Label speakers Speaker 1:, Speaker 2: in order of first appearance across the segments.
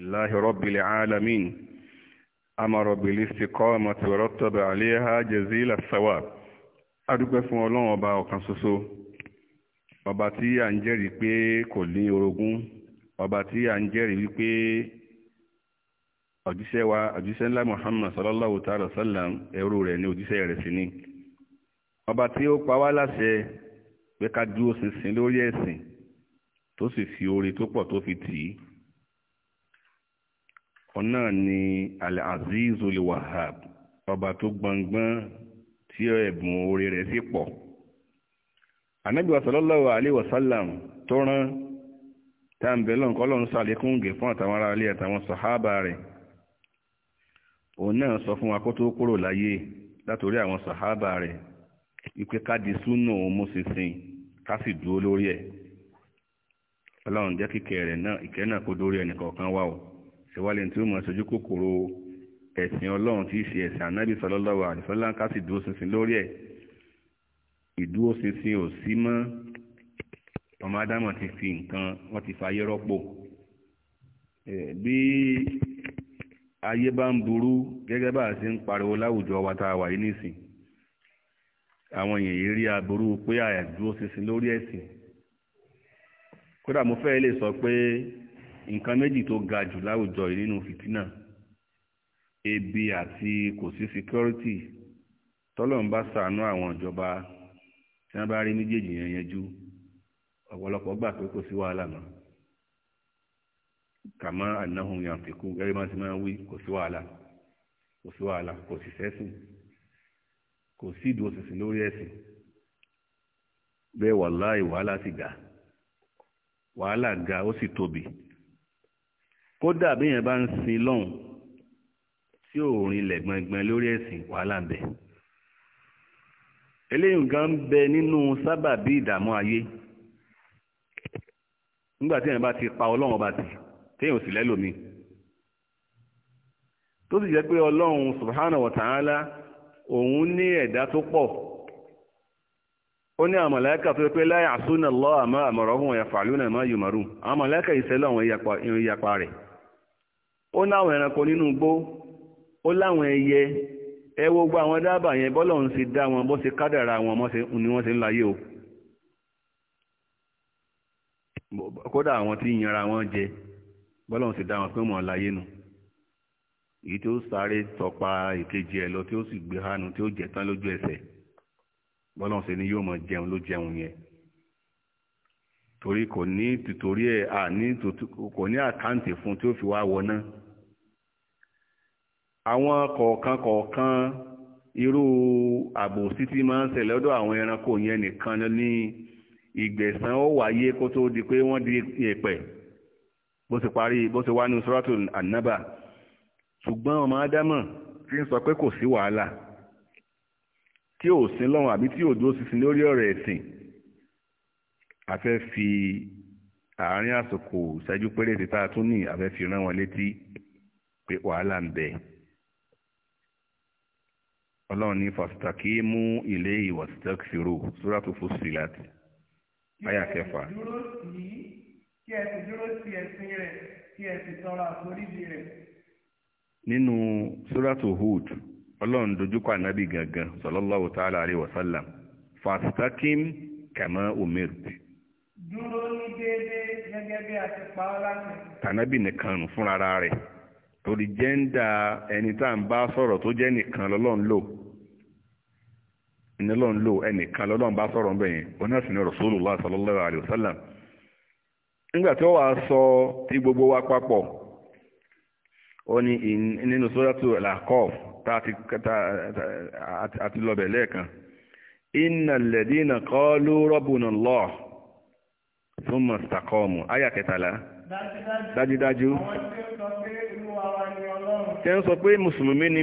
Speaker 1: الله رب العالمين أمر بالاستقامة ورتب عليها جزيل الثواب adúpẹ́ fún ọlọ́run ọba ọ̀kan ṣoṣo ọba tí à ń jẹ́rìí pé kò ní orogún ọba tí à ń jẹ́rìí wípé òjíṣẹ́ wa òjíṣẹ́ ńlá muhammad sallallahu ta'ala sallam ẹrú rẹ̀ ní òjíṣẹ́ rẹ̀ sí ni ọba tí ó pa wá láṣẹ pé ká dúró ṣinṣin lórí ẹ̀sìn tó sì fi oore tó pọ̀ tó fi tì ọ̀nà ni al-aziz ul-wahhab ọba tó gbọngbọ́n tí ẹ̀bùn oore rẹ̀ sì pọ̀ ànábì wa sallallahu alaihi wasallam tó rán táǹbẹ̀lọ́n kọ́lọ́n sàlékún gẹ̀ fún àtàwọn ará ilé àtàwọn sàhábà rẹ̀ òun náà sọ fún wa kó tó kúrò láyé látòrí àwọn sàhábà rẹ̀ wípé ká di súnà òun mú ká sì dúró lórí ẹ̀ ọlọ́run jẹ́ kíkẹ́ rẹ̀ náà ìkẹ́ náà kó dórí ẹnìkọ̀ọ̀kan wá o ìwálẹ̀ tí ó mọ̀ ṣojú kòkòrò ẹ̀sìn ọlọ́run tí í ṣe ẹ̀sìn ànábì sallallahu alaihi wasallam ká sì dúró ṣinṣin lórí ẹ̀ ìdúró ṣinṣin ò sí mọ́ ọmọ ádámọ̀ ti fi nǹkan wọ́n ti fayé rọ́pò bí ayé bá ń burú gẹ́gẹ́ bá a ṣe ń pariwo láwùjọ wa tá a wà yìí nísìn àwọn èèyàn yìí rí aburú pé àyàdúró ṣinṣin lórí ẹ̀sìn kódà mo fẹ́ lè sọ pé nǹkan méjì tó ga jù láwùjọ yìí nínú fìtínà ebi àti kò sí security tọ́lọ́run bá ṣàánú àwọn ìjọba tí wọ́n bá rí méjèèjì yẹn yanjú ọ̀pọ̀lọpọ̀ gbà pé kò sí wàhálà mọ́ kàmá ànáhùn yàǹfẹ̀kú gẹ́gẹ́ bá ti máa ń wí kò sí wàhálà kò sí wàhálà kò sì sẹ́sìn kò sí ìdúró sísìn lórí ẹ̀sìn bẹ́ẹ̀ wàláì wàhálà ti ga wàhálà ga ó sì tóbi kódà bí yẹn bá ń sin lọ́hùn tí ò rinlẹ̀ gbọ̀ngbọ̀n lórí ẹ̀sìn wàhálà ń bẹ eléyìí bẹ nínú sábàbí ìdààmú ayé nígbà tí bá ti pa ọlọ́run ọba tì téèyàn sì lẹ́lòmíì tó jẹ́ pé ọlọ́run subhanahu wa ta'ala ní ẹ̀dá tó pọ̀ ó ní pé àsúnà àmọ́ ó láwọn ẹranko nínú igbó ó láwọn ẹyẹ ẹ wo gbogbo àwọn dábàá yẹn bọ́lọ̀ ń ṣe dá wọn bó ṣe kádàrà wọn ni wọ́n ṣe ń láyé o kódà àwọn tí yanra wọn jẹ bọ́lọ̀ ń ṣe dá wọn pé wọ́n láyé nu èyí tí ó sáré tọpa ìkejì ẹ̀ lọ tí ó sì gbé hánu tí ó jẹ tán lójú ẹsẹ̀ bọ́lọ̀ ń ṣe ni yóò mọ jẹun ló jẹun yẹn torí kò ní tìtorí ẹ̀ à ní kò ní àkáǹtì fún tí ó fi wá wọ náà àwọn kọ̀ọ̀kan kọ̀ọ̀kan irú àbòsí tí máa ń ṣẹlẹ̀ lọ́dọ̀ àwọn ẹranko yẹn nìkan ní ìgbẹ̀san ó wáyé kó tó di pé wọ́n di èpẹ̀ bó ti parí bó ti wá ní suratul an ṣùgbọ́n ọmọ ádámọ̀ tí ń sọ pé kò sí wàhálà tí ò sí lọ́wọ́n àbí tí ò dúró sísin lórí ọ̀rọ̀ ẹ̀sìn a fẹ́ fi àárín àsìkò ìṣẹ́jú péréte tá a tún ní a fẹ́ fi rán wọn létí pé wàhálà ń bẹ ọlọ́run ní fastakimu ilayhi wastaghfiru suratu Fussilat àyà kẹfà.
Speaker 2: kí ẹ sì dúró sí ẹ̀sìn rẹ̀ kí ẹ sì tọrọ
Speaker 1: àforíjì rẹ̀. nínú suratu Hud ọlọ́run dojúkọ ànábì gangan sallallahu ta'ala alayhi wa sallam fastakim kama umirt.
Speaker 2: dúró ní déédéé gẹ́gẹ́ bí a ti pa ọ́ láti.
Speaker 1: tànábì nìkan fúnra rẹ̀ torí jẹ́ńdà ẹni tá à ń bá sọ̀rọ̀ tó jẹ́ nìkan lọ́lọ́run lò. ní lọ́n lò ẹnìkan lọ́lọ́n bá sọ̀rọ̀ ńbẹ̀ yẹn wọn náà sì ní Rasulullah sallallahu alayhi wa sallam nígbà tí ó wàá sọ tí gbogbo wa papọ̀ ó ní nínú suratul Ahqaf tá a ti lọ́bẹ̀ lẹ́ẹ̀kan innal ladina qalu Allah thumma istaqamu àyà kẹtàlá dájúdájú tí ń sọ pé mùsùlùmí ni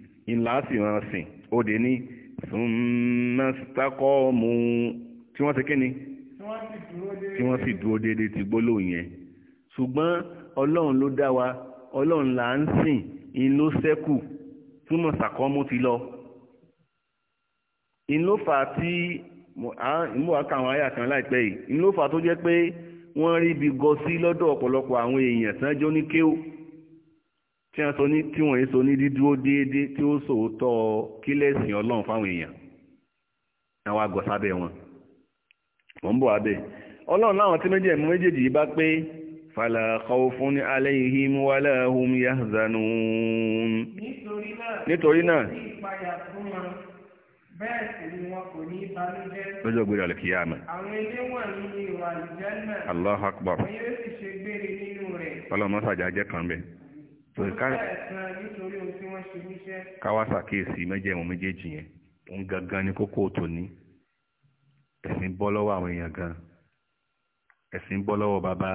Speaker 1: ìlà sì ràn sìn ó dé ní sùnmọ́sítákọ́ọ̀mù tí wọ́n ti kí ni tí wọ́n sì dúró déédéé ti gbólóhùn yẹn ṣùgbọ́n ọlọ́run ló dá wa ọlọ́run là ń sìn in ló ṣẹ́kù túmọ̀ sàkọ́mú ti lọ in tí mo wá ka àwọn àyà kan láìpẹ́ yìí in ló fà á tó jẹ́ pé wọ́n rí ibi gọ sí lọ́dọ̀ ọ̀pọ̀lọpọ̀ àwọn èèyàn tán ní kéwù tí wọ́n sọ ní tí wọ́n yé sọ ní dídúró déédéé tí ó sòótọ́ kílẹ̀sìn ọlọ́run fáwọn èèyàn àwọn àgọ̀ wọn wọ́n bọ̀ abẹ́ ọlọ́run láwọn tí méjì ẹ̀mú méjèèjì bá pé fala khawfun alayhim wala hum yahzanun nítorí náà
Speaker 2: bẹ́ẹ̀ sì ni wọn kò ní ìbànújẹ́
Speaker 1: lọ́jọ́ gbére alìkìyàmà àwọn ilé wọ̀n ní ìwà àlùjànnà
Speaker 2: Allahu akbar yóò sì ṣe gbére nínú rẹ̀
Speaker 1: ọlọ́run jẹ́ kan bẹ́ẹ̀ káwá ṣàkíyèsí mẹ́jẹ̀mú méjèèjì yẹn òun gangan ní kókó tòní ẹ̀sìn bọ́ lọ́wọ́ àwọn èèyàn gan ẹ̀sìn bọ́ lọ́wọ́ bàbá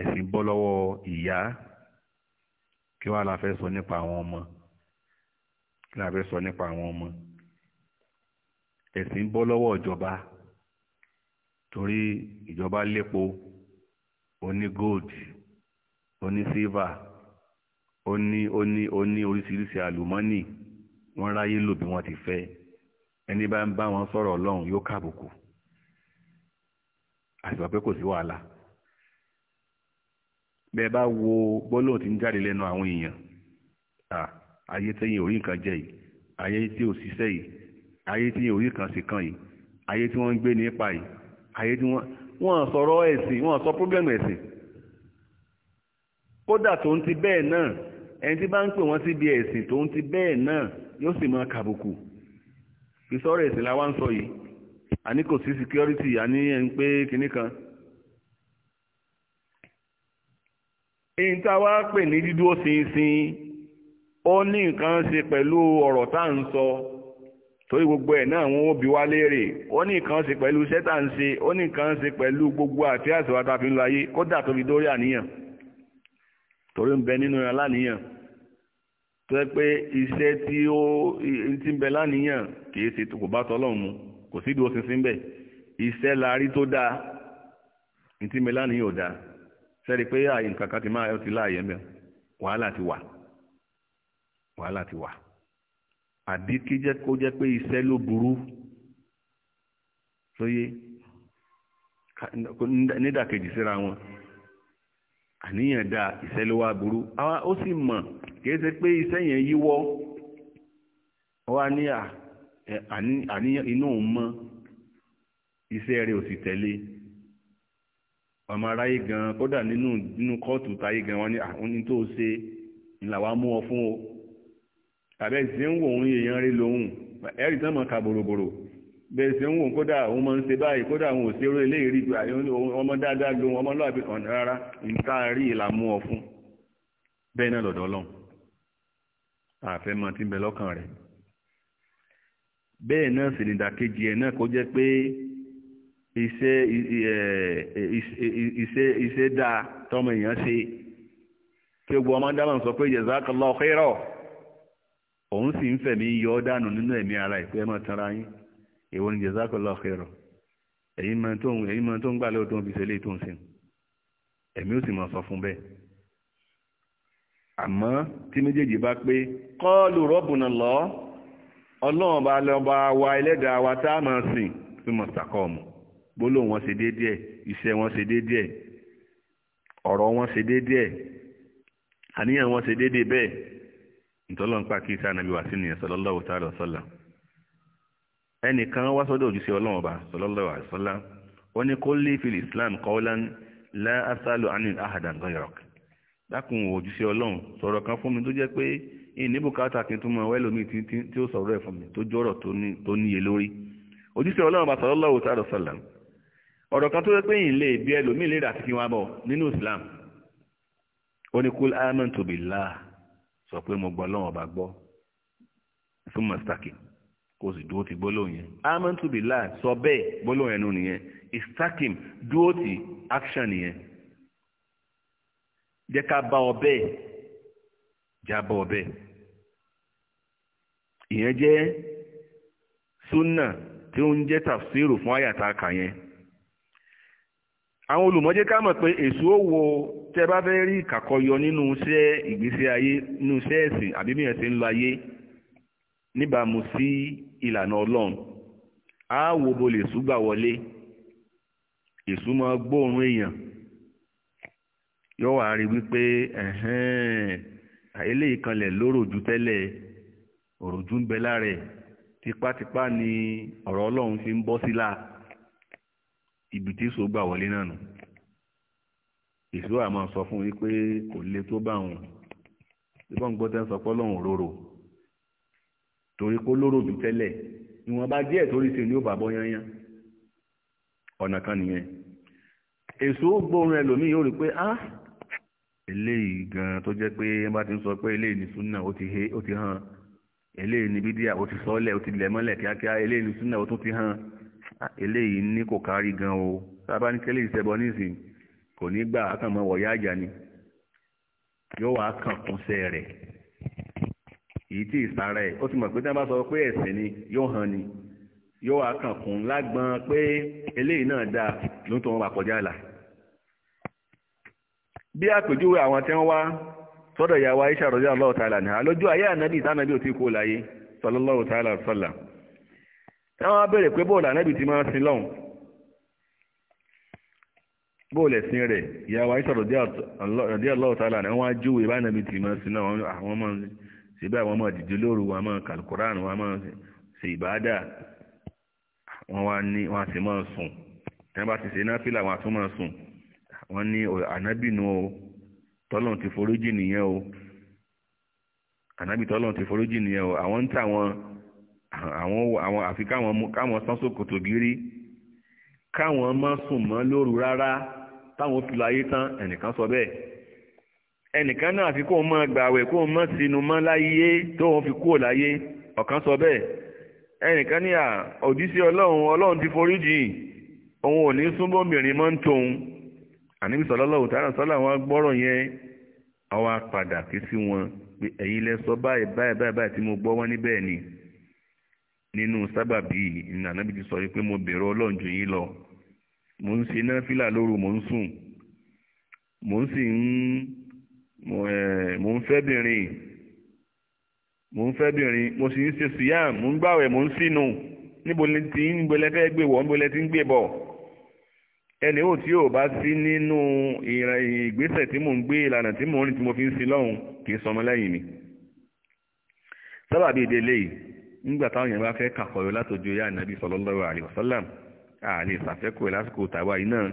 Speaker 1: ẹ̀sìn bọ́ lọ́wọ́ ìyá kí wàá la fẹ́ sọ nípa àwọn ọmọ kí la fẹ́ sọ nípa àwọn ọmọ ẹ̀sìn bọ́ lọ́wọ́ ìjọba torí ìjọba lépo oní gold oní silver ó ní ó ní ó ní oríṣiríṣi àlùmọ́nì wọ́n ráyé lò bí wọ́n ti fẹ́ ẹni bá ń bá wọn sọ̀rọ̀ ọlọ́run yóò kàbùkù àṣìbà pé kò sí wàhálà bẹ́ẹ̀ bá wo gbólóhùn tí ń jáde lẹ́nu àwọn èèyàn ayé tẹ́yìn orí nǹkan jẹ yìí ayé tí ò ṣiṣẹ́ yìí ayé tí orí kan sì kan yìí ayé tí wọ́n ń gbé nípa yìí ayé tí wọ́n wọ́n sọ̀rọ̀ ẹ̀sìn wọ́n sọ pọ́blẹ́mù ẹ̀sìn kódà tó ń ti bẹ́ẹ̀ náà ẹni tí bá ń pè wọ́n síbi ẹ̀sìn tó ń ti bẹ́ẹ̀ náà yóò sì máa kàbùkù ìsọ̀rọ̀ ẹ̀sìn la wá ń sọ yìí àní kò sí security àní ẹ̀ pé kinní kan. èyí tá a wá pè ní dídúró ṣinṣin ó ní nǹkan ṣe pẹ̀lú ọ̀rọ̀ tá à ń sọ torí gbogbo ẹ̀ náà wọ́n bi wá léèrè ó ní nǹkan ṣe pẹ̀lú iṣẹ́ tá à ń ṣe ó ní nǹkan ṣe pẹ̀lú gbogbo àti àṣewà tá a fi ń lo ayé kódà tó dórí àníyàn torí ń bẹ nínú yẹn láníyàn tó yẹ pé iṣẹ́ tí ó ti ń bẹ láníyàn kìí ṣe kò bá tọ́lọ́run mu kò sí ìdúró ṣinṣin bẹ́ẹ̀ iṣẹ́ la rí tó dáa ní ti ń bẹ láníyàn ò dáa sẹ́ni pé àyè nǹkan kan ti máa yọ ti láàyè ń wàhálà ti wà wàhálà ti wà àbí jẹ́ kó jẹ́ pé iṣẹ́ ló burú sóyé nídàkejì síra wọn. àníyàn dáa iṣẹ́ ló wá burú ó sì mọ̀ kìí ṣe pé iṣẹ́ yẹn yíwọ́ wá ní àníyàn inú òun mọ́ iṣẹ́ rẹ̀ ò sì tẹ̀lé ọmọ aráyé gan kódà nínú nínú kóòtù táyé gan wọn ní àwọn ní tó ṣe ńlá wa mú ọ fún o tàbí ẹ̀sìn ń wò òun èèyàn rí lòun ẹ̀rì tán mọ̀ ká bòròbòrò bẹ̀ẹ̀sẹ̀ ń wò kódà òun mọ́ ń ṣe báyìí kódà òun ò sí eré ilé ìrí gbà ọmọ dáadáa lóhun ọmọ lọ́àbí kan rárá nǹkan rí ìlàmú ọ fún bẹ́ẹ̀ náà lọ́dọ̀ ọlọ́run àfẹ́ máa ti ń bẹ lọ́kàn rẹ̀ bẹ́ẹ̀ náà sì ní ìdàkejì ẹ̀ náà kó jẹ́ pé iṣẹ́ iṣẹ́ iṣẹ́ dáa èèyàn ṣe kí gbogbo ọmọ dáhùn sọ pé jazakallahu khaira òun sì ń fẹ̀mí yọ ọ́ dànù nínú ẹ̀mí ara ìpẹ́ mọ́ tanra yín èwo ni jazakallahu khairan ẹ̀yin máa tó ń ẹ̀yin máa tó ń gbà lọ́wọ́ tó ń fi ṣe léyìí tó ń sìn ẹ̀mí ó sì máa sọ fún bẹ́ẹ̀ àmọ́ tí méjèèjì bá pé qalu rabbuna Allah ọlọ́run bá lọ́ba wa ẹlẹ́dàá wa tá a máa sìn fún mọ̀sàkọ́ọ̀mù gbólóhùn wọn ṣe déédéẹ̀ iṣẹ́ wọn ṣe déédéẹ̀ ọ̀rọ̀ wọn ṣe déédéẹ̀ àníyàn wọn ṣe déédéẹ̀ bẹ́ẹ̀ ntọ́lọ́npá kí sáà nàbí wàásù nìyẹn sallallahu ta'ala wa ẹnìkan wá sọ́dọ̀ òjíṣẹ́ ọlọ́run ọba sallallahu alaihi wasallam wọ́n ní kulli fil islam qawlan la as'alu anhu ahadan ghayrak dákun òjíṣẹ́ ọlọ́run sọ̀rọ̀ kan fún mi tó jẹ́ pé ìní bùkátà kí n tún mọ ẹlòmíì tí ó sọ̀rọ̀ ẹ̀ fún mi tó jọ́rọ̀ tó níye lórí òjíṣẹ́ ọlọ́run ọba sallallahu alaihi wasallam ọ̀rọ̀ kan tó yẹ pé ìyìn lè bí ẹlòmíì lè rà sí kí wọ́n bọ̀ nínú islam ó ní kó sì dúró ti gbólóhùn yẹn amantu billah sọ bẹ́ẹ̀ gbólóhùn ẹnu nìyẹn istakim dúró ti action nìyẹn jẹ́ ká bá ọ bẹ́ẹ̀ já bá ọ bẹ́ẹ̀ ìyẹn jẹ́ sunna tí ó ń jẹ́ tafsiru fún àyàtà kà yẹn àwọn olùmọ́jẹ́ ká mọ̀ pé èso wo tẹ́ bá fẹ́ rí ìkàkọyọ nínú iṣẹ́ ìgbésí ayé nínú iṣẹ́ ẹ̀sìn àbí bí ti ń lo ayé níbàámu sí ìlànà ọlọ́run á wo bo lè súgbà wọlé èṣù máa gbóòórùn èèyàn yóò wá rí wípé eléyìí kanlẹ̀ lóròjú tẹ́lẹ̀ òròjú ń bẹ lára tipátipá ni ọ̀rọ̀ ọlọ́run fi ń bọ́ sílá ibi tí èso gbà wọlé náà nù èso àmọ́ sọ fún wípé kò le tó bá wọn ìbọn gbọ́dọ̀ sọ pé ọlọ́run òróró torí kó lóró jù tẹ́lẹ̀ bá díẹ̀ torí sí ní ó bàbọ́ yányán ọ̀nà kan nìyẹn èso gbóòórùn ẹlòmíì yóò rí pé á ah, eléyìí gan tó jẹ́ pé bá ti ń sọ pé eléyìí ni súnà ó ti ha ó ti hàn eléyìí ni bídíà ó ti sọ́lẹ̀ ó ti lẹ̀ mọ́lẹ̀ kíákíá eléyìí ni súnà ó tún ti hàn ah, eléyìí ní kò kárí gan o sábà ní kẹ́lẹ́ ìṣẹ́bọ nísìnyí kò ní gbà á kàn mọ́ ni yóò wá kàn kúnṣẹ́ rẹ̀ èyí tí ìsara ẹ̀ ó ti mọ̀ pé tí wọ́n bá sọ pé ẹ̀sìn ni yóò hàn ni yóò wá kàn kún lágbọ́n pé eléyìí náà dáa ló ń tó wọn wà kọjá àlà. bí àpèjúwe àwọn tí wọ́n wá sọ́dọ̀ ìyá wa Aisha radiyallahu ta'ala anha lójú ayé ànábì ìsánábì ò tí kú láyé sallallahu ta'ala sallam tí wọ́n béèrè pé bóòlù ànábì ti máa ń sin lọ́hùn bóòlù ẹ̀sìn rẹ̀ ìyá wa Aisha radiyallahu ta'ala anha wọ́n á júwe bá ànábì ti máa ń sin náà àwọn máa ń síbẹ̀ àwọn ọmọ dìde lóru wọn máa kàlùkùránù wọn máa ṣe ìbáadà wọn wá ní wọn sì máa sùn tẹ́ bá ti ṣe náà fílà wọn àtún sùn wọn ní ànábìnú o tọ́lọ́n ti foríjì nìyẹn o ànábì tọ́lọ́n ti foríjì nìyẹn o àwọn ń tà wọn àwọn àwọn àfi káwọn káwọn sán sókòtò gírí káwọn má sùn mọ́ lóru rárá táwọn fi láyé tán ẹnìkan sọ bẹ́ẹ̀ ẹnìkan náà fi kó máa gbààwẹ̀ kóun máa sínú mọ́ láyé wọn fi kúrò láyé ọ̀kan sọ bẹ́ẹ̀ ẹnìkan ní à òjíṣẹ́ ọlọ́run ọlọ́run ti forí jìn òun ò ní súnmọ́ obìnrin mọ́ ń tóun àníbi sọlọ́lọ́wọ́ tààrà sọ́lá wọn gbọ́rọ̀ yẹn àwọn apàdà ké sí wọn pé ẹ̀yin lẹ sọ báyìí báyìí báyìí báyìí tí mo gbọ́ wọn níbẹ̀ ni nínú sábàbí sọ pé mo jù yín lọ ń ṣe náfìlà lóru ń sùn ń sì ń mo ń fẹ́bìnrin mo ń fẹ́bìnrin mo sì ń ṣe síyàm mo ń gbàwẹ̀ mo ń sínú níbo ni ti ń gbẹlẹ fẹ́ gbé wọ̀ níbo lẹ ti ń gbé bọ̀ ẹni ò tí ò bá sí nínú ìgbésẹ̀ tí mò ń gbé ìlànà tí mò ń rìn tí mo fi ń sin lọ́hùn kì í sọmọ lẹ́yìn mi sábàbí ìdílé yìí nígbà táwọn èèyàn bá fẹ́ kàkọyọ látòjú yá ànábì sallallahu alaihi wasallam àlè ìsàfẹ́kọ̀ọ́ lásìkò tàwa yìí náà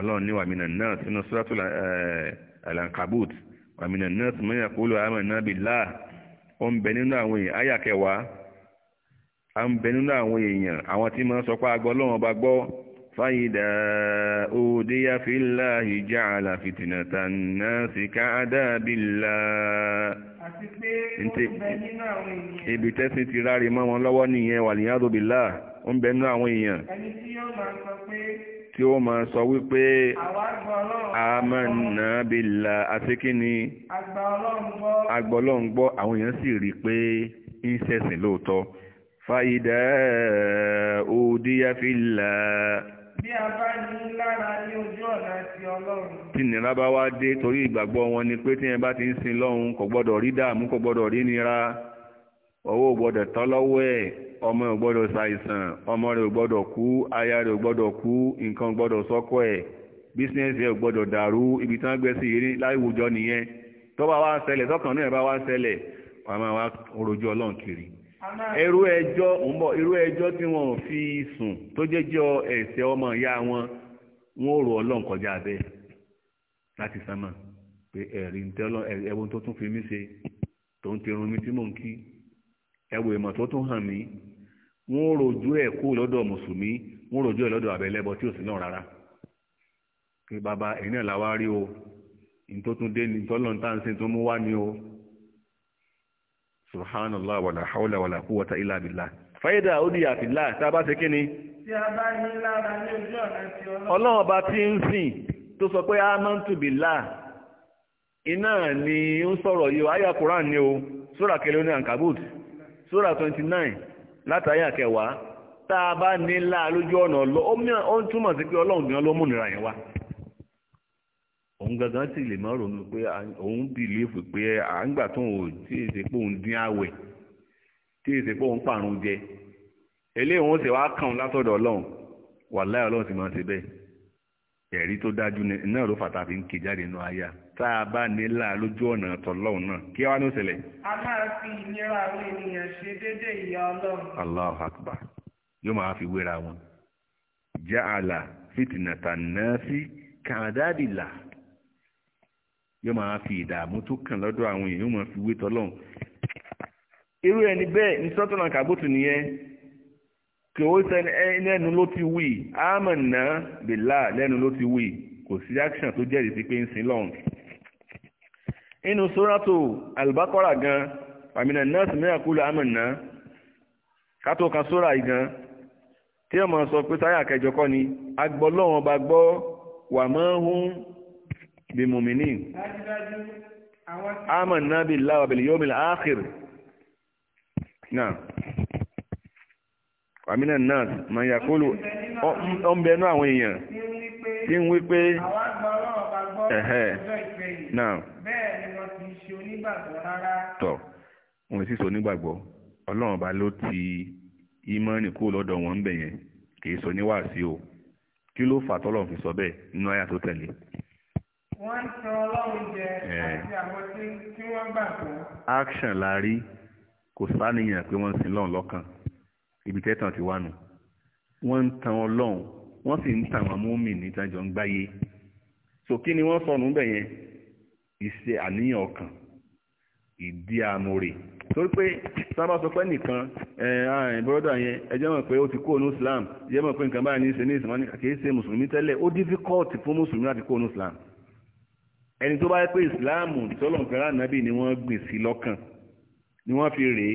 Speaker 1: ọlọ́run níwà mí náà sínú suratul alankabut wàmìnà náà sì mẹ́yà kó lọ àmà náà bí láà ó ń bẹ nínú àwọn èèyàn áyà kẹwàá a ń bẹ nínú àwọn èèyàn àwọn tí máa sọ pé agbọ́ lọ́wọ́ bá gbọ́ fáyidà òde yáfílà ìjà àlàfitìnà tànà ibi tẹ́sí ti ráre mọ́ wọn lọ́wọ́ nìyẹn wàlíyàn àdóbìlà ó ń bẹ nínú àwọn èèyàn
Speaker 2: ẹni tí yóò máa
Speaker 1: tí ó máa sọ wípé àmàna bílà àti kí ni
Speaker 2: agbọ́lọ́ngbọ́
Speaker 1: àwọn èèyàn sì rí pé ń ṣẹ̀sìn lóòótọ́ fàyídà òdíyà fìlà
Speaker 2: bí a bá ní lára ní ojú ọ̀nà ti ọlọ́run
Speaker 1: tí nira bá wá dé torí ìgbàgbọ́ wọn ni pé tí ẹ bá ti ń sin lọ́hun kò gbọ́dọ̀ rí dààmú kò gbọ́dọ̀ rí nira ọwọ́ gbọ́dọ̀ tọ́ lọ́wọ́ ẹ̀ ọmọ ò gbọ́dọ̀ ṣàìsàn ọmọ rẹ̀ gbọ́dọ̀ kú aya rẹ̀ gbọ́dọ̀ kú nǹkan gbọ́dọ̀ sọ́kọ ẹ̀ bísínẹ́sì ẹ̀ gbọ́dọ̀ dàrú ibi tí wọ́n gbé sí yìí nìyẹn tó bá wá ṣẹlẹ̀ tọkàn náà bá wá ṣẹlẹ̀ máa wá ọlọ́run kiri irú ẹjọ́ ń ọmọ ìyá wọn rò ọlọ́run kọjá láti sánmà pé ẹ̀rí ẹ̀wọ̀n tó fi mí ṣe tó ń tẹrun mi tí mò ń wọ́n rojú ẹ̀ kú lọ́dọ̀ mùsùlùmí wọ́n rojú ẹ̀ lọ́dọ̀ àbẹ̀lẹ́bọ tí ò sí náà rárá pé bàbá ẹ̀yin náà làwa rí o ìtòtúndé ní tọ́lọ́n tá tó mú wá ní o subhanallah wàlà haúlà wàlà kú wọ́tà ilà bìlà fàyídà ó di àfìlà tá a bá ṣe kíni.
Speaker 2: tí a bá ní lára ní ojú ọ̀nà tí ọlọ́run. ọlọ́run
Speaker 1: ọba tí ń sìn tó sọ pé amantu billah iná ni ó ń sọ̀rọ̀ yìí o ayé Qur'an ni o sórà kẹlẹ́ oní ankabut sórà twenty nine látàáyà kẹwàá tá a bá nílá lójú ọ̀nà lọ ó ń túmọ̀ sí pé ọlọ́run gan ló múnira yẹn wá òun gangan sì lè má ronú pé òun bìlífù pé à ń gbà tó òun tí èsè pé òun dín àwẹ̀ tí èsè pé òun pàrùn jẹ eléyìí òun sì wá kàn látọ̀dọ̀ ọlọ́run wàláì ọlọ́run sì máa ṣe bẹ́ẹ̀ ẹ̀rí tó dájú náà ló fàtà fi ń ké jáde taa tá a bá nílà lójú ọ̀nà tọ́lọ́hùn náà kí wá ní òṣèlẹ̀.
Speaker 2: a máa fi ìnira àwọn ènìyàn ṣe déédéé ìyà ọlọ́run.
Speaker 1: Allahu akbar yóò máa fi wéra wọn. ja'ala fìtìnàtà náà sí kàdádìlà yóò máa fi ìdààmú tó kàn lọ́dọ̀ àwọn èèyàn yóò máa fi wé tọ́lọ́hùn. irú ẹni bẹ́ẹ̀ ní sọ́tọ̀nà kàbótù nìyẹn kì ó sẹ́ni lẹ́nu ló ti wí àmọ̀nà bìlà lẹ́nu ló ti wí kò sí action tó jẹ́rìí sí pé ń sin lọ́hùn. inú sóràtò àlùbákọ́rà gan àmìnà nọ́ọ̀sì mẹ́rin kú lọ àmọ̀nà kátó kan sóra yìí gan tí ọmọ sọ pé táyà kẹjọ kọ́ ni agbọ́ lọ́wọ́n bá gbọ́ wà mọ́ hún bí mùmíní. àmọ̀nà bìlà wàbẹ̀lẹ̀ yóò mìlà áàkìrì àmìnà náà ma yà kó lò ọmọbẹ̀ẹ́nú àwọn èèyàn tí ń wí pé ẹ̀hẹ́ náà bẹ́ẹ̀ ni wọ́n ti ṣe onígbàgbọ́ rárá tọ̀ wọ́n sì ṣe onígbàgbọ́ ọlọ́run ọba ló ti ìmánì kúrò lọ́dọ̀ wọn ń bẹ̀ yẹn kì í sọ níwàásí o kí ló fà tọ́lọ̀ fi sọ bẹ́ẹ̀ nínú àyà tó tẹ̀lé.
Speaker 2: wọ́n tan ọlọ́run jẹ àti àwọn tí wọ́n gbàgbọ́.
Speaker 1: action la rí kò sáníyàn pé wọ́n ń sin lọ́run lọ́kàn ibi tẹ́tàn ti wá nù wọ́n ń tan ọlọ́run wọ́n sì ń tan àwọn múmi nítajọ ń gbáyé so kí ni wọ́n sọnù bẹ̀ yẹn ìṣe àníyàn ọkàn ìdí àmúre torí pé sábà sọ pé nìkan bọ́dà yẹn ẹjẹ́ mọ̀ pé ó ti kó onú Islam ẹjẹ́ mọ̀ pé nǹkan báyìí ní í ṣe ní ìsìnkú kìí ṣe mùsùlùmí tẹ́lẹ̀ ó dífíkọ́ọ̀tì fún mùsùlùmí láti kó onú Islam ẹni tó bá yẹ pé Islam tọ́lọ̀ nǹkan ránàbì ni wọ́n gbìn sí lọ́kàn ni wọ́n fi rèé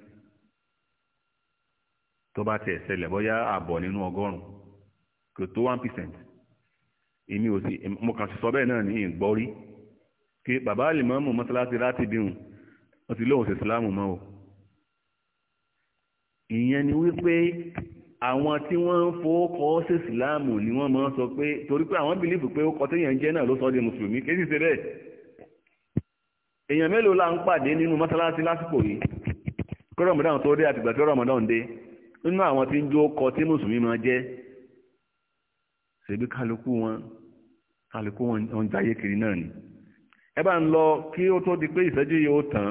Speaker 1: tó bá tẹ̀ ṣẹlẹ̀ bóyá àbọ̀ nínú ọgọ́rùn kò tó one percent èmi ò sí mo kàn sọ bẹ́ẹ̀ náà ní ìgbọ́ rí kí bàbá àlìmọ́mù mọ́sálásí láti dìhùn wọ́n ti lóhùn sí ìsìláàmù mọ́ o ìyẹn ni wípé àwọn tí wọ́n ń fowókọ́ sí ìsìláàmù ni wọ́n máa ń sọ pé torí pé àwọn bìlífù pé ó kọ téèyàn jẹ́ náà ló sọ di mùsùlùmí kéjì sí bẹ́ẹ̀ èèyàn mélòó la ń pàdé nínú mọ́sálásí lásìkò yìí kí rọ̀mọ̀dán tó dé àtìgbà tí rọ̀mọ̀dán dé nínú àwọn tí ń jó kọ tí mùsùlùmí máa jẹ́ ṣèbí kálukú wọn kálukú wọn jáyé kiri náà ni ẹ bá ń lọ kí ó tó di pé ìṣẹ́jú yìí ó tán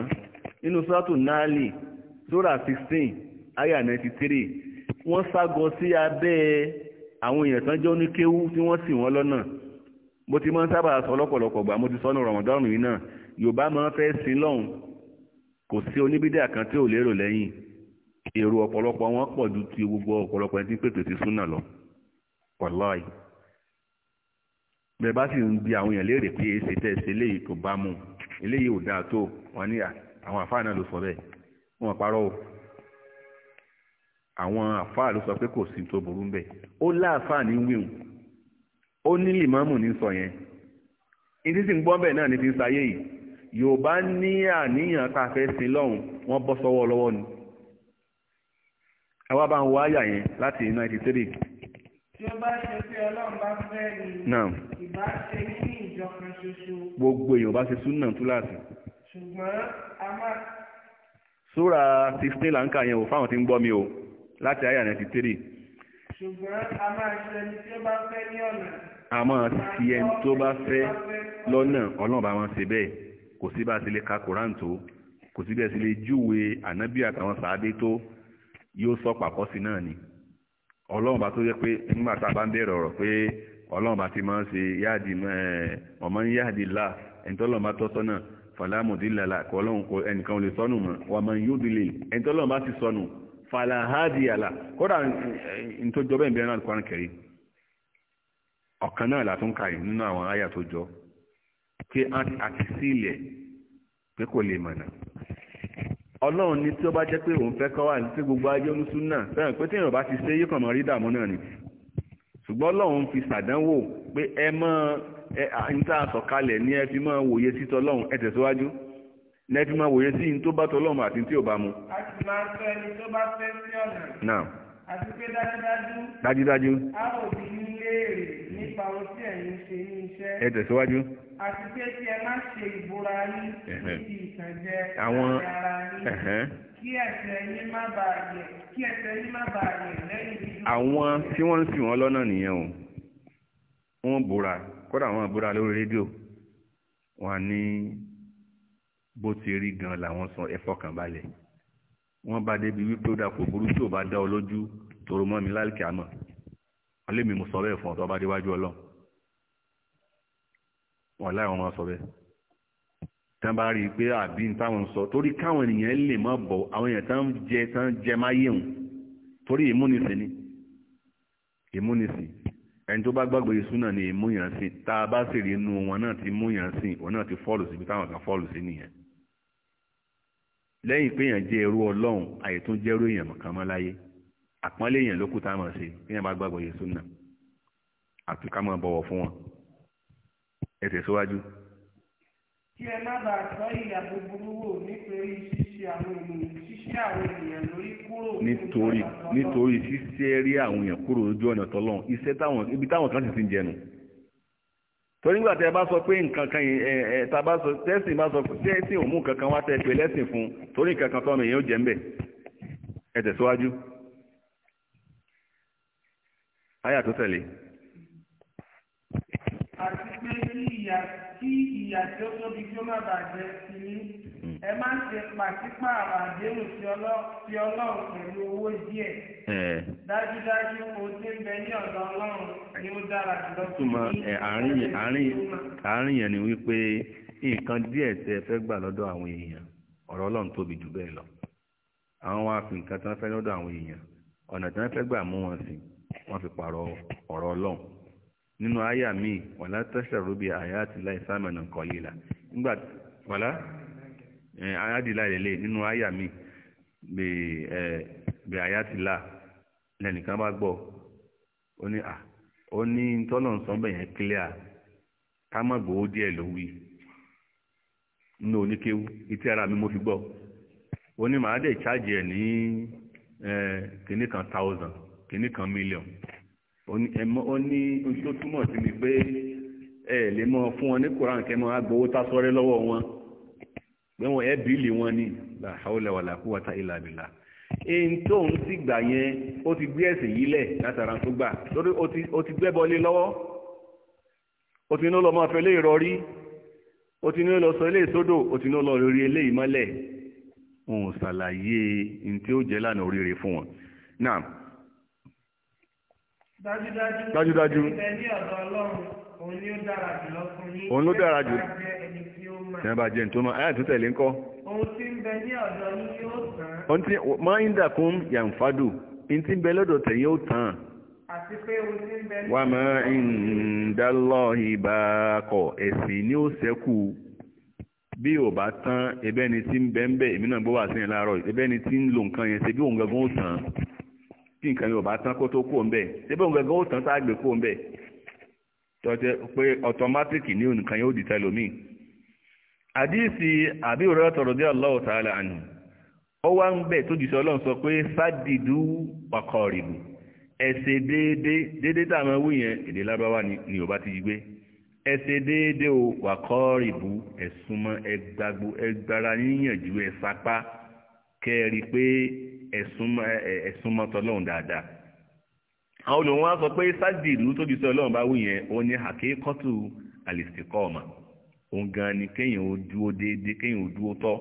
Speaker 1: nínú sọ́tù náàlì sórà 16 àyà 93 wọ́n ságọ sí abẹ́ àwọn èèyàn tán jọ ní kéwú tí wọ́n sì wọ́n lọ́nà mo ti máa ń sábà sọ lọ́pọ̀lọpọ̀ gbà mo ti sọ́nù rọ̀mọ̀dọ́rùn yìí náà yorùbá máa ń fẹ́ sí lọ́hùn kò sí oníbídà kan tí ò lérò lẹ́yìn èrò ọ̀pọ̀lọpọ̀ wọn pọ̀ ju ti gbogbo ọ̀pọ̀lọpọ̀ ẹni tí ń pètè sí súnà lọ wàláì bẹ́ẹ̀ bá sì ń bi àwọn èèyàn léèrè pé èsì tẹ́ ṣe eléyìí kò bá mu eléyìí ò dáa tó wọn ní àwọn àfáà náà ló sọ bẹ́ẹ̀ wọn parọ́ o àwọn àfáà ló sọ pé kò sí tó burú bẹ́ẹ̀ ó láàfáà ní wíwù ó ní lìmọ́mù ní sọ yẹn ìdí sì ń gbọ́ bẹ́ẹ̀ náà ní fi ń sayé yìí yorùbá ní àníyàn tá a fẹ́ sin lọ́hùn wọ́n bọ́ sọ́wọ́ lọ́wọ́ ni àwa bá ń wo àyà yẹn láti ninety three.
Speaker 2: tí ó bá ṣe pé ọlọ́run bá fẹ́ ni ìbá ṣe ní ìjọ kan ṣoṣo. gbogbo
Speaker 1: èèyàn bá ṣe súnà túláàsì.
Speaker 2: ṣùgbọ́n a máa.
Speaker 1: súra sixteen là ń kà yẹn o fáwọn tí ń gbọ́ mi o láti àyà ninety three.
Speaker 2: ṣùgbọ́n a máa ṣe ẹni tí ó bá fẹ́ ní ọ̀nà.
Speaker 1: àmọ́ ti ẹni tó bá fẹ́ lọ́nà ọlọ́run bá wọn ṣe bẹ́ẹ̀ kò sí bá a ṣe lè ka koran tó sí lè júwe ànábì àtàwọn sàádé tó. yóò sọ pàkọ́ sí náà ni ọlọ́run bá tó yẹ pé nígbà bá ń bẹ̀rẹ̀ ọ̀rọ̀ pé ọlọ́run bá ti máa ń ṣe yáàdì ọmọ yáàdì là ẹ̀ńtọ́lọ́run bá tọ́tọ́ náà fàlámùdílàlà kọ́ ọlọ́run kò ẹnìkan lè sọnù mọ́ wà máa ń yóò dilè ẹ̀ńtọ́lọ́run bá ti sọnù fàlàhádìyàlà kódà ntọ́jọ́ bẹ́ẹ̀ bẹ́ẹ̀ náà kẹrì ọ̀kan náà là kàyìn nínú àwọn àyà tó ọlọ́run ní tí ó bá jẹ́ pé òun fẹ́ kọ́ wà sí gbogbo ayé ní súnà fẹ́ràn pé téèyàn bá ti ṣe yí kàn mọ́ rí dààmú náà ni ṣùgbọ́n ọlọ́run fi ṣàdánwò pé ẹ mọ́ ẹ níta sọ̀kalẹ̀ ní ẹ fi mọ́ wòye sí tọlọ́run ẹ tẹ̀síwájú ní ẹ fi mọ́ wòye sí tó bá tọlọ́run àti tí ò bá mu.
Speaker 2: a ti máa fẹ́ ẹni tó bá fẹ́ sí ọ̀nà. àti pé dájúdájú. dájúdájú. a ò bí nílé ohun tí ẹ̀yin ṣe ní iṣẹ́. ẹ tẹ̀síwájú. àti pé kí ẹ má ṣe ìbúra yín níbi ìtànjẹ àti ara yín kí ẹsẹ̀ yín má bàa yẹ̀ kí ẹsẹ̀ yín má bàa yẹ̀ lẹ́yìn ìdúró. àwọn
Speaker 1: tí wọ́n ń sìn wọ́n lọ́nà nìyẹn o wọ́n búra kódà wọ́n búra lórí rédíò wọ́n ní bó ti rí gan làwọn sọ ẹ fọkàn balẹ̀ wọ́n bá débi wípé ó dàpọ̀ burú tí ò bá dá ọ lójú tòrò mọ́ mi lálùkì àmọ́ ọlẹ́mi mo sọ bẹ́ẹ̀ fún ọ tó bá déwájú ọlọ́run wọ́n láì wọ́n máa sọ bẹ́ẹ̀ tán bá rí i pé àbí ń táwọn sọ torí káwọn ènìyàn lè má bọ̀ àwọn èèyàn tán jẹ tán jẹ má yéhùn torí ìmúnisìn ni ìmúnisìn ẹni tó bá gbàgbé ìsúná ni ìmúyàn sí tá a bá sì rí inú wọn náà ti múyàn sí wọn náà ti fọ́ọ̀lù síbi táwọn kan fọ́ọ̀lù sí nìyẹn lẹ́yìn pé èèyàn jẹ́ ẹrú ọlọ́run àìtún jẹ́rú èèyàn kan mọ́ láyé àpọ́nlé èèyàn lókùtà mọ̀ sí kéèyàn bá gbàgbé ìsúná àti ká máa bọ̀wọ̀ fún wọn ẹ tẹ̀síwájú.
Speaker 2: kí ẹ má bàa tọ́ ìyà búburú nítorí ṣíṣe àwọn ènìyàn
Speaker 1: ṣíṣe àwọn ènìyàn lórí kúrò. nítorí nítorí ṣíṣe rí àwọn èèyàn kúrò lójú ọ̀nà ibi táwọn kan sì ti ń jẹnu torí sọ pé nǹkan kan ẹ a bá sọ tẹ́sìn bá sọ tẹ́sìn wá tẹ́ pé lẹ́sìn fún torí nǹkan kan tọ́mọ èèyàn ó ń bẹ̀
Speaker 2: àti pé kí ìyà kí ìyà tí ó tóbi kí ó má bàjẹ́ sí ní mm-hmm. ẹ má ṣe pàṣípààrọ̀ àdéhùn sí ọlọ́run pẹ̀lú owó díẹ̀. Eh. dájúdájú o ti ń bẹ ní ọ̀dọ̀ ni ó dára jùlọ sí eh, ní
Speaker 1: àárín yẹn ni wípé nǹkan gbà lọ́dọ̀ àwọn èèyàn ọ̀rọ̀ ọlọ́run tóbi jù bẹ́ẹ̀ lọ àwọn wa fi nǹkan tí àwọn èèyàn ọ̀nà tí gbà mú wọn sí fi ọ̀rọ̀ ọlọ́run nínú àyà míì wàlá tẹ́ṣẹ̀rú bí àyà ti láì sáàmẹ̀nà kọlílà nígbà wàlá àyà ti nínú àyà míì bí àyà ti là lẹ́nìkan bá gbọ́ ó ní à ó ní tọ́lọ̀ ń sọ bẹ́ẹ̀ yẹn kílíà ká mọ̀ gbòó díẹ̀ ló wí nínú oníkéwú etí ara mi mo fi gbọ́ ó ní màá dẹ̀ chájì ẹ̀ ní kìnnìkan thousand kìnnìkan million. ó ní ojú tó túmọ̀ sí mi pé ẹ lè mọ fún wọn ní koran kẹ́ agbowó lọ́wọ́ wọn pé wọn ẹ wọn ni la hawla wala quwwata illa tó ń sì gbà yẹn ó ti gbé ẹ̀sìn yìí lẹ̀ látara tó gbà lórí ó ti lọ́wọ́ ó ti ní ó lọ máa fẹ́ lé ó ti ní ó lọ sọ ilé ti ní ó lọ rí ilé
Speaker 2: dájúdájú òun ló dára jù tẹ́ bá
Speaker 1: jẹ́ ìtọ́mọ̀ ayà tó tẹ̀lé ń kọ́
Speaker 2: ohun tí ń bẹ ní ọ̀dọ̀ yín yóò tán
Speaker 1: ohun tí máa ń dàkún yàǹfàdù ohun tí ń bẹ lọ́dọ̀ tẹ̀yìn yóò tán
Speaker 2: àti pé ohun tí ń bẹ ní wà máa
Speaker 1: ń dálọ́ ìbá kọ̀ ẹ̀sìn ni ó ṣẹ́kù bí ò bá tán ẹbẹ́ni tí ń bẹ ń bẹ èmi náà gbọ́ wà sí yẹn láàárọ̀ ẹbẹ́ni tí ń lo nǹkan yẹn ṣe bí òun gangan ó tán kí nǹkan yóò bá tán kó tó kó ń bẹ̀ síbẹ̀ òun gẹ́gẹ́ ó tán tá a gbé kó ń bẹ̀ tọ́jẹ́ pé ọ̀tọ́mátìkì ní nǹkan yóò dìtẹ́ lómi. àdíìsì àbí òrẹ́ tọ̀rọ̀ dé Allahu ta'ala anhu ó wá ń bẹ̀ tó jùsọ ọlọ́run sọ pé sádìdú wàkọ̀ọ̀rìbù ẹ̀sẹ̀ déédé déédé tá a máa wí yẹn èdè lábáwá ni ò bá ti gbé ẹ̀sẹ̀ déédé o wàkọ̀ọ̀rìbù ẹ̀sùnmọ́ ẹgbàgbó ẹgbàra yíyànjú ẹ̀sapá kẹ́ẹ̀rí pé ẹ̀sùn mọ́ tọ́lọ́run dáadáa àwọn olùwọ́n wá sọ pé sádì ìlú tóbi sí ọlọ́run bá wù yẹn òun ni àkékọ́tù àlìsìkọ́ọ̀mà òun gan ni kéèyàn ó dúó déédéé kéèyàn ó dúó tọ́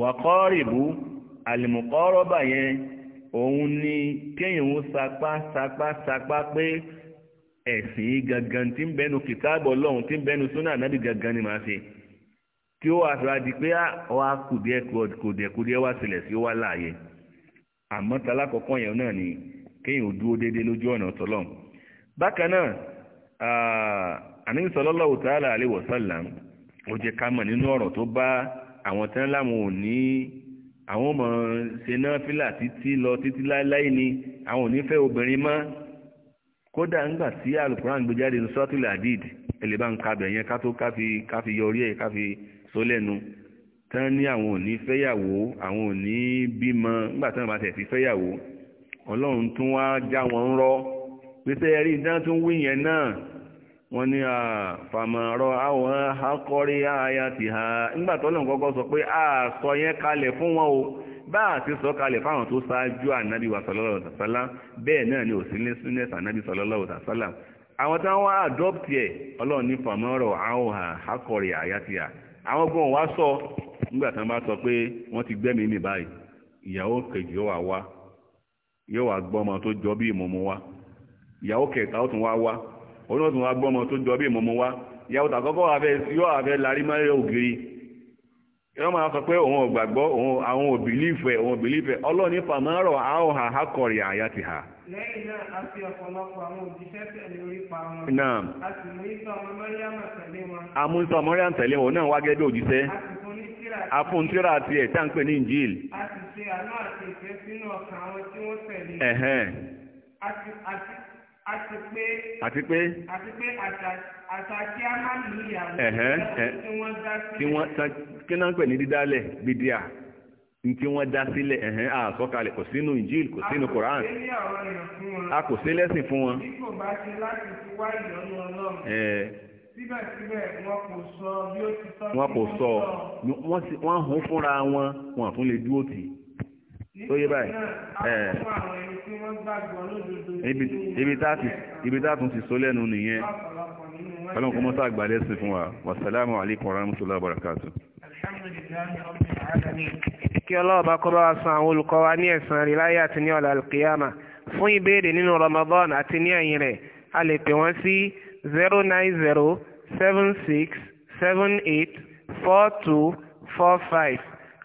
Speaker 1: wàkọ́rìbù àlìmùkọ́rọ́bà yẹn òun ni kéèyàn ó sapá sapá sapá pé ẹ̀sìn gangan tí ń bẹnu kìtáàbọ̀ ọlọ́run tí ń bẹnu súnà nábì gangan ni màá ṣe kí ó wà fẹ́ wá pé ah, wá sílẹ̀ sí ó láàyè. àmọ́ talákọ̀ọ́kọ́ yẹn náà ni kéèyàn ò dúró déédéé lójú ọ̀nà tọ́lọ́m bákan náà ànábì sallallahu ta'ala alaihi wasallam ó jẹ́ ká mọ̀ nínú ọ̀rọ̀ tó bá àwọn tán láwọn ò ní àwọn ọmọ ṣe náà fílà títí lọ títí láéláé ni àwọn ò ní fẹ́ obìnrin mọ́ kódà ńgbà tí alukuran gbé jáde ní suratul Hadid ẹ̀lẹ́bá ń kabẹ̀ yẹn ká tó ká fi yọrí ẹ̀ ká fi sólẹ́nu. So tán ní àwọn ò ní fẹ́yàwó àwọn ò ní bímọ nígbà tán bá tẹ̀ sí fẹ́yàwó ọlọ́run tún wá já wọn ń rọ́ ẹ̀rí ìdán tún wí náà wọ́n ní àfàmọ̀rọ̀ àwọn akọ́rí ààyà ti ha nígbà tó lọ́n kọ́kọ́ sọ pé a sọ yẹn kalẹ̀ fún wọn o bá a ti sọ kalẹ̀ fáwọn tó ṣáájú ànábì wa sallallahu alaihi wasallam bẹ́ẹ̀ náà ni òsì ní súnẹ́sì ànábì sallallahu alaihi àwọn tí wọ́n adopt ẹ̀ ọlọ́run ní fàmọ̀rọ̀ àwọn akọ́rí ààyà ti ha àwọn gbọ́n wá sọ nígbà tán bá sọ pé wọ́n ti gbẹ́mìí mi báyìí ìyàwó kejì yóò wá wá yóò wá ọmọ tó jọ bí ìmọ̀mọ wá ìyàwó kẹta ó tún wá wá òun ó tún wá ọmọ tó jọ bí ìmọ̀mọ wá ìyàwó tàkọ́kọ́ yóò fẹ́ larí mọ́lẹ́ ògiri yọ́ máa sọ pé òun àwọn òun a fi ọ̀pọ̀lọpọ̀ àwọn
Speaker 2: òjíṣẹ́ tẹ̀lé orí pa wọn. afúntírà àti ẹ̀ tá ń pè ní Injil. a ti ṣe àánú àti ìfẹ́ sínú ọkàn àwọn tí wọ́n tẹ̀lé. ẹ̀hẹ́n. àti A ti pé. àti pé. àti pé àṣà kí a máa ní ìyàwó. ẹ̀hẹ́n tí wọ́n dá sílẹ̀. tí wọ́n
Speaker 1: kí náà ń pè ní dídálẹ̀ bídíà ntí wọ́n dá sílẹ̀ ẹ̀hẹ́n àsọ̀kalẹ̀ kò sínú Injil kò sínú
Speaker 2: a kò sí lẹ́sìn fún wọn. bí kò bá ṣe láti fi wá ìyọ́nú Ọlọ́run. síbẹ̀síbẹ̀ wọn kò sọ bí ó ti sọ. wọn kò sọ wọn hùn fúnra
Speaker 1: wọn wọn tún lè dúró tì í tó yé báyìí ẹ ibi tá a tún ti sọ lẹ́nu nìyẹn
Speaker 2: ọlọ́run kó mọ́tà àgbà
Speaker 1: lẹ́sìn fún wa wasalaamu alaykum wa rahmatullahi kí ọlọ́run bá kọ́ bá wa san àwọn olùkọ́ wa ní ẹ̀san rí àti ní ọ̀la alkiyama
Speaker 2: fún ìbéèrè nínú Ramadan àti ní ẹ̀yìn rẹ̀ a lè pè wọ́n sí zero nine zero seven six seven eight four two four five.